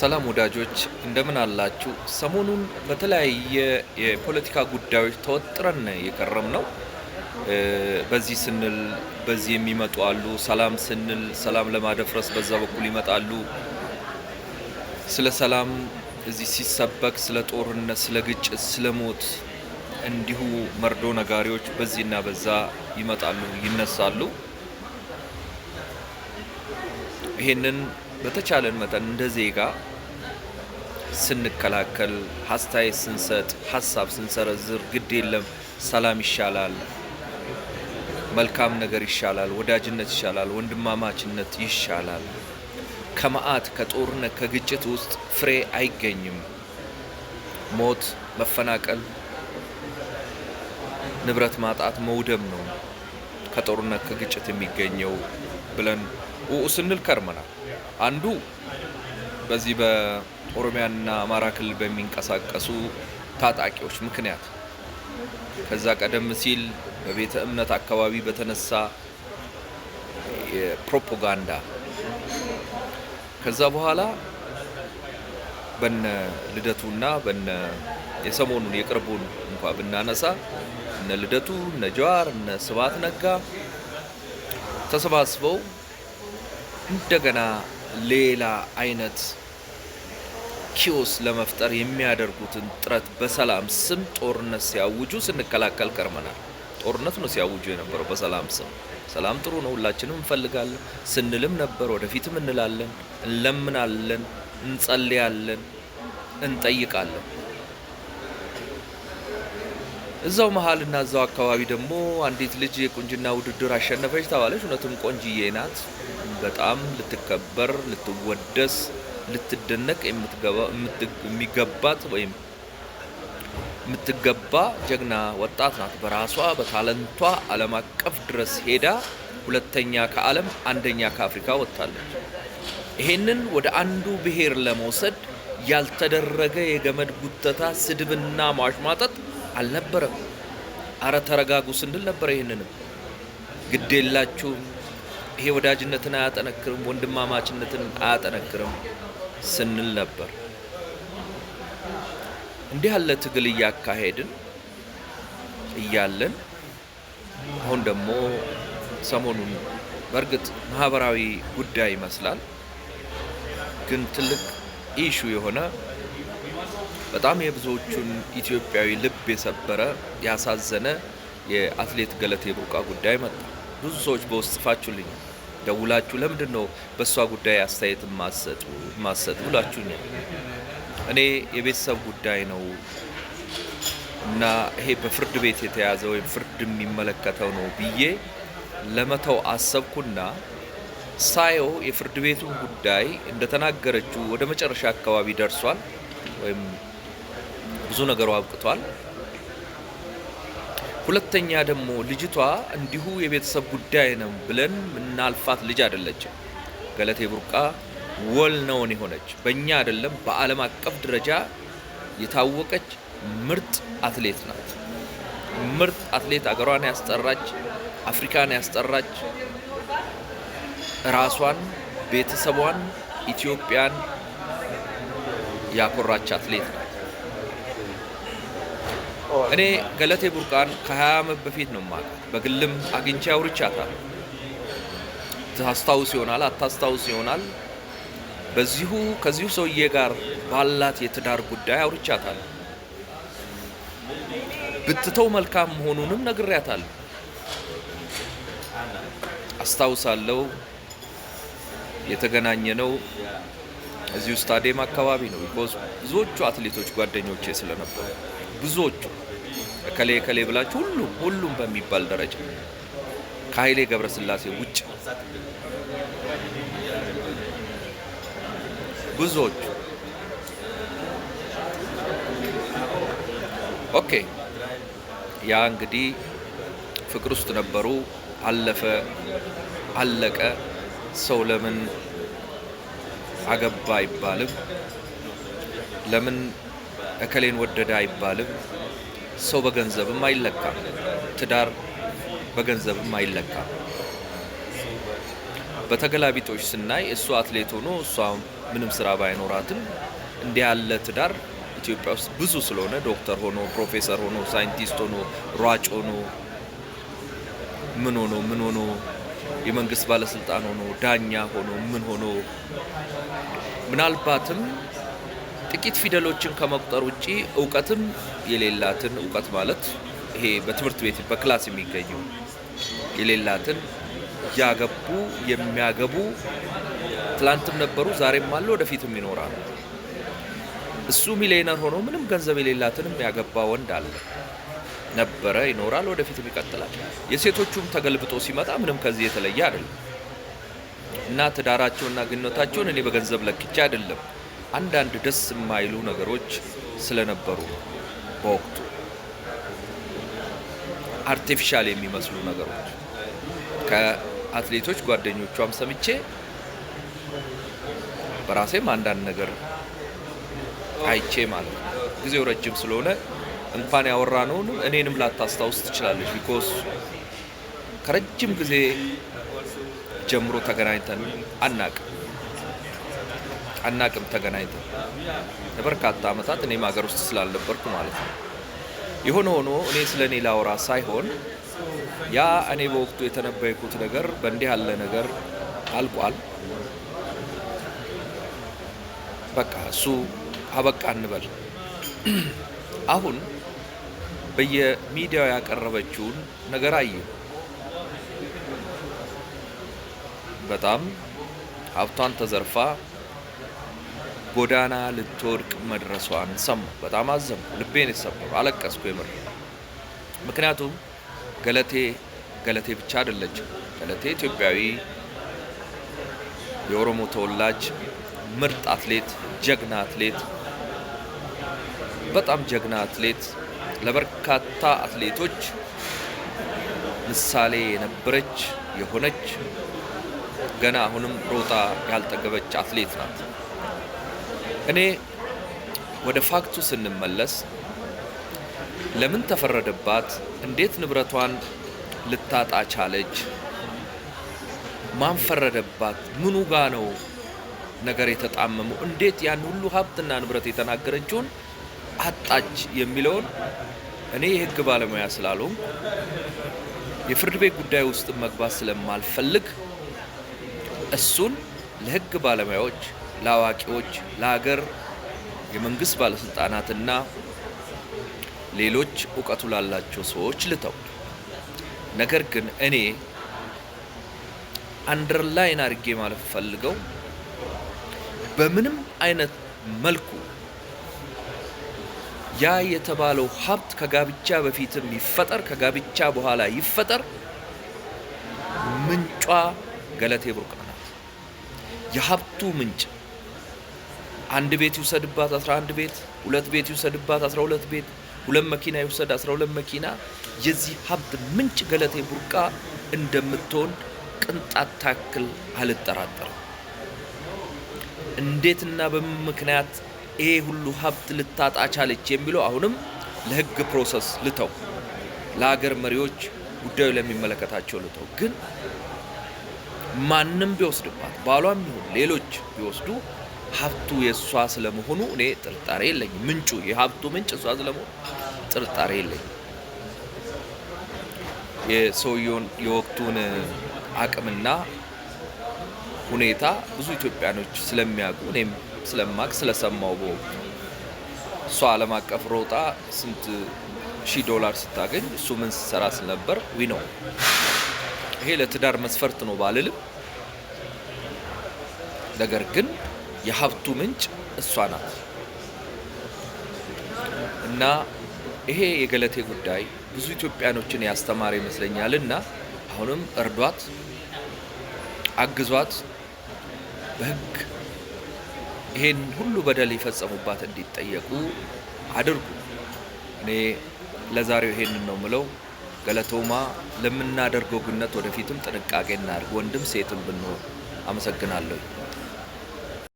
ሰላም ወዳጆች እንደምን አላችሁ? ሰሞኑን በተለያየ የፖለቲካ ጉዳዮች ተወጥረን የቀረም ነው። በዚህ ስንል በዚህ የሚመጡ አሉ። ሰላም ስንል ሰላም ለማደፍረስ በዛ በኩል ይመጣሉ። ስለ ሰላም እዚህ ሲሰበክ ስለ ጦርነት፣ ስለ ግጭት፣ ስለ ሞት እንዲሁ መርዶ ነጋሪዎች በዚህና በዛ ይመጣሉ፣ ይነሳሉ። ይህንን በተቻለን መጠን እንደ ዜጋ ስንከላከል፣ አስተያየት ስንሰጥ፣ ሀሳብ ስንሰረዝር ግድ የለም ሰላም ይሻላል፣ መልካም ነገር ይሻላል፣ ወዳጅነት ይሻላል፣ ወንድማማችነት ይሻላል። ከመዓት ከጦርነት ከግጭት ውስጥ ፍሬ አይገኝም። ሞት፣ መፈናቀል፣ ንብረት ማጣት፣ መውደም ነው ከጦርነት ከግጭት የሚገኘው ብለን ስንል ከርመናል። አንዱ በዚህ በኦሮሚያና አማራ ክልል በሚንቀሳቀሱ ታጣቂዎች ምክንያት ከዛ ቀደም ሲል በቤተ እምነት አካባቢ በተነሳ የፕሮፓጋንዳ ከዛ በኋላ በነ ልደቱና በነ የሰሞኑን የቅርቡን እንኳ ብናነሳ እነ ልደቱ እነ ጀዋር እነ ስባት ነጋ ተሰባስበው እንደገና ሌላ አይነት ኪዮስ ለመፍጠር የሚያደርጉትን ጥረት በሰላም ስም ጦርነት ሲያውጁ ስንከላከል ከርመናል። ጦርነት ነው ሲያውጁ የነበረው በሰላም ስም። ሰላም ጥሩ ነው፣ ሁላችንም እንፈልጋለን ስንልም ነበር። ወደፊትም እንላለን፣ እንለምናለን፣ እንጸልያለን፣ እንጠይቃለን። እዛው መሀል እና እዛው አካባቢ ደግሞ አንዲት ልጅ የቁንጅና ውድድር አሸነፈች ተባለች። እውነትም ቆንጅዬ ናት። በጣም ልትከበር፣ ልትወደስ፣ ልትደነቅ የሚገባት ወይም የምትገባ ጀግና ወጣት ናት። በራሷ በታለንቷ ዓለም አቀፍ ድረስ ሄዳ ሁለተኛ ከዓለም አንደኛ ከአፍሪካ ወጥታለች። ይሄንን ወደ አንዱ ብሔር ለመውሰድ ያልተደረገ የገመድ ጉተታ ስድብና ማሽማጠጥ አልነበረም። አረ ተረጋጉ ስንል ነበር። ይህንንም ግድ የላችሁም፣ ይሄ ወዳጅነትን አያጠነክርም፣ ወንድማማችነትን አያጠነክርም ስንል ነበር። እንዲህ ያለ ትግል እያካሄድን እያለን አሁን ደግሞ ሰሞኑን በእርግጥ ማህበራዊ ጉዳይ ይመስላል፣ ግን ትልቅ ኢሹ የሆነ በጣም የብዙዎቹን ኢትዮጵያዊ ልብ የሰበረ ያሳዘነ የአትሌት ገለቴ ቡርቃ ጉዳይ መጣ። ብዙ ሰዎች በውስጥ ጽፋችሁልኝ ደውላችሁ ለምንድን ነው በእሷ ጉዳይ አስተያየት ማሰጥ ብላችሁኛል። እኔ የቤተሰብ ጉዳይ ነው እና ይሄ በፍርድ ቤት የተያዘ ወይም ፍርድ የሚመለከተው ነው ብዬ ለመተው አሰብኩና ሳየው የፍርድ ቤቱን ጉዳይ እንደተናገረችው ወደ መጨረሻ አካባቢ ደርሷል ወይም ብዙ ነገሩ አብቅቷል። ሁለተኛ ደግሞ ልጅቷ እንዲሁ የቤተሰብ ጉዳይ ነው ብለን ምናልፋት ልጅ አይደለችም። ገለቴ ቡርቃ ወል ነውን የሆነች በእኛ አይደለም በዓለም አቀፍ ደረጃ የታወቀች ምርጥ አትሌት ናት። ምርጥ አትሌት አገሯን ያስጠራች፣ አፍሪካን ያስጠራች፣ ራሷን፣ ቤተሰቧን፣ ኢትዮጵያን ያኮራች አትሌት ናት። እኔ ገለቴ ቡርቃን ከሀያ ዓመት በፊት ነው የማውቃት። በግልም አግኝቼ አውርቻታለሁ። ታስታውስ ይሆናል አታስታውስ ይሆናል። በዚሁ ከዚሁ ሰውዬ ጋር ባላት የትዳር ጉዳይ አውርቻታለሁ። ብትተው መልካም መሆኑንም ነግሬያታለሁ። አስታውሳለሁ ነው እዚሁ ስታዲየም አካባቢ ነው። ቢኮዝ ብዙዎቹ አትሌቶች ጓደኞቼ ስለነበሩ ብዙዎቹ እከሌ እከሌ ብላችሁ ሁሉም ሁሉም በሚባል ደረጃ ከኃይሌ ገብረስላሴ ውጭ ብዙዎቹ ኦኬ ያ እንግዲህ ፍቅር ውስጥ ነበሩ። አለፈ፣ አለቀ። ሰው ለምን አገባ አይባልም። ለምን እከሌን ወደደ አይባልም። ሰው በገንዘብም አይለካም። ትዳር በገንዘብም አይለካም። በተገላቢጦች ስናይ እሱ አትሌት ሆኖ እሷ ምንም ስራ ባይኖራትም እንዲህ ያለ ትዳር ኢትዮጵያ ውስጥ ብዙ ስለሆነ ዶክተር ሆኖ ፕሮፌሰር ሆኖ ሳይንቲስት ሆኖ ሯጭ ሆኖ ምን ሆኖ ምን ሆኖ የመንግስት ባለስልጣን ሆኖ ዳኛ ሆኖ ምን ሆኖ ምናልባትም ጥቂት ፊደሎችን ከመቁጠር ውጪ እውቀትም የሌላትን እውቀት ማለት ይሄ በትምህርት ቤት በክላስ የሚገኙ የሌላትን ያገቡ የሚያገቡ ትላንትም ነበሩ፣ ዛሬም አለ፣ ወደፊትም ይኖራል። እሱ ሚሊዮነር ሆኖ ምንም ገንዘብ የሌላትንም ያገባ ወንድ አለ፣ ነበረ፣ ይኖራል፣ ወደፊትም ይቀጥላል። የሴቶቹም ተገልብጦ ሲመጣ ምንም ከዚህ የተለየ አይደለም እና ትዳራቸውና ግንኙነታቸውን እኔ በገንዘብ ለክቼ አይደለም አንዳንድ ደስ የማይሉ ነገሮች ስለነበሩ በወቅቱ አርቲፊሻል የሚመስሉ ነገሮች ከአትሌቶች ጓደኞቿም ሰምቼ በራሴም አንዳንድ ነገር አይቼ ማለት ነው። ጊዜው ረጅም ስለሆነ እንኳን ያወራነውን እኔንም ላታስታውስ ትችላለች። ቢኮስ ከረጅም ጊዜ ጀምሮ ተገናኝተን አናቅም። አናቅም ተገናኝተን ለበርካታ ዓመታት እኔም ሀገር ውስጥ ስላልነበርኩ ማለት ነው። የሆነ ሆኖ እኔ ስለ እኔ ላውራ ሳይሆን ያ እኔ በወቅቱ የተነበይኩት ነገር በእንዲህ ያለ ነገር አልቋል። በቃ እሱ አበቃ እንበል። አሁን በየሚዲያው ያቀረበችውን ነገር አየ። በጣም ሀብቷን ተዘርፋ ጎዳና ልትወድቅ መድረሷን ሰሙ። በጣም አዘንኩ፣ ልቤን የሰበሩ አለቀስኩ የምር። ምክንያቱም ገለቴ ገለቴ ብቻ አይደለችም። ገለቴ ኢትዮጵያዊ፣ የኦሮሞ ተወላጅ፣ ምርጥ አትሌት፣ ጀግና አትሌት፣ በጣም ጀግና አትሌት፣ ለበርካታ አትሌቶች ምሳሌ የነበረች የሆነች ገና አሁንም ሮጣ ያልጠገበች አትሌት ናት። እኔ ወደ ፋክቱ ስንመለስ ለምን ተፈረደባት? እንዴት ንብረቷን ልታጣ ቻለች? ማን ፈረደባት? ምኑ ጋ ነው ነገር የተጣመመው? እንዴት ያን ሁሉ ሀብትና ንብረት የተናገረችውን አጣች የሚለውን እኔ የህግ ባለሙያ ስላልሆንኩ የፍርድ ቤት ጉዳይ ውስጥ መግባት ስለማልፈልግ እሱን ለህግ ባለሙያዎች ለአዋቂዎች፣ ለሀገር የመንግስት ባለስልጣናትና ሌሎች እውቀቱ ላላቸው ሰዎች ልተው። ነገር ግን እኔ አንደርላይን አድርጌ ማለት ፈልገው በምንም አይነት መልኩ ያ የተባለው ሀብት ከጋብቻ በፊትም ይፈጠር ከጋብቻ በኋላ ይፈጠር፣ ምንጯ ገለቴ ቡርቃ ናት። የሀብቱ ምንጭ አንድ ቤት ይውሰድባት 11 ቤት፣ ሁለት ቤት ይውሰድባት 12 ቤት፣ ሁለት መኪና ይውሰድ 12 መኪና። የዚህ ሀብት ምንጭ ገለቴ ቡርቃ እንደምትሆን ቅንጣት ታክል አልጠራጠርም። እንዴትና በምን ምክንያት ይሄ ሁሉ ሀብት ልታጣ ቻለች የሚለው አሁንም ለህግ ፕሮሰስ ልተው፣ ለሀገር መሪዎች ጉዳዩ ለሚመለከታቸው ልተው። ግን ማንም ቢወስድባት ባሏም ይሁን ሌሎች ቢወስዱ ሀብቱ የእሷ ስለመሆኑ እኔ ጥርጣሬ የለኝም። ምንጩ የሀብቱ ምንጭ እሷ ስለመሆኑ ጥርጣሬ የለኝም። የሰውየውን የወቅቱን አቅምና ሁኔታ ብዙ ኢትዮጵያኖች ስለሚያውቁ እኔም ስለማቅ ስለሰማው በወቅቱ እሷ ዓለም አቀፍ ሮጣ ስንት ሺህ ዶላር ስታገኝ እሱ ምን ስሰራ ስለነበር ዊ ነው። ይሄ ለትዳር መስፈርት ነው ባልልም ነገር ግን የሀብቱ ምንጭ እሷ ናት እና ይሄ የገለቴ ጉዳይ ብዙ ኢትዮጵያኖችን ያስተማረ ይመስለኛል እና አሁንም እርዷት፣ አግዟት በህግ ይሄን ሁሉ በደል የፈጸሙባት እንዲጠየቁ አድርጉ። እኔ ለዛሬው ይሄንን ነው ምለው። ገለቶማ ለምናደርገው ግነት ወደፊትም ጥንቃቄ እናድርግ፣ ወንድም ሴትም ብንሆን። አመሰግናለሁ።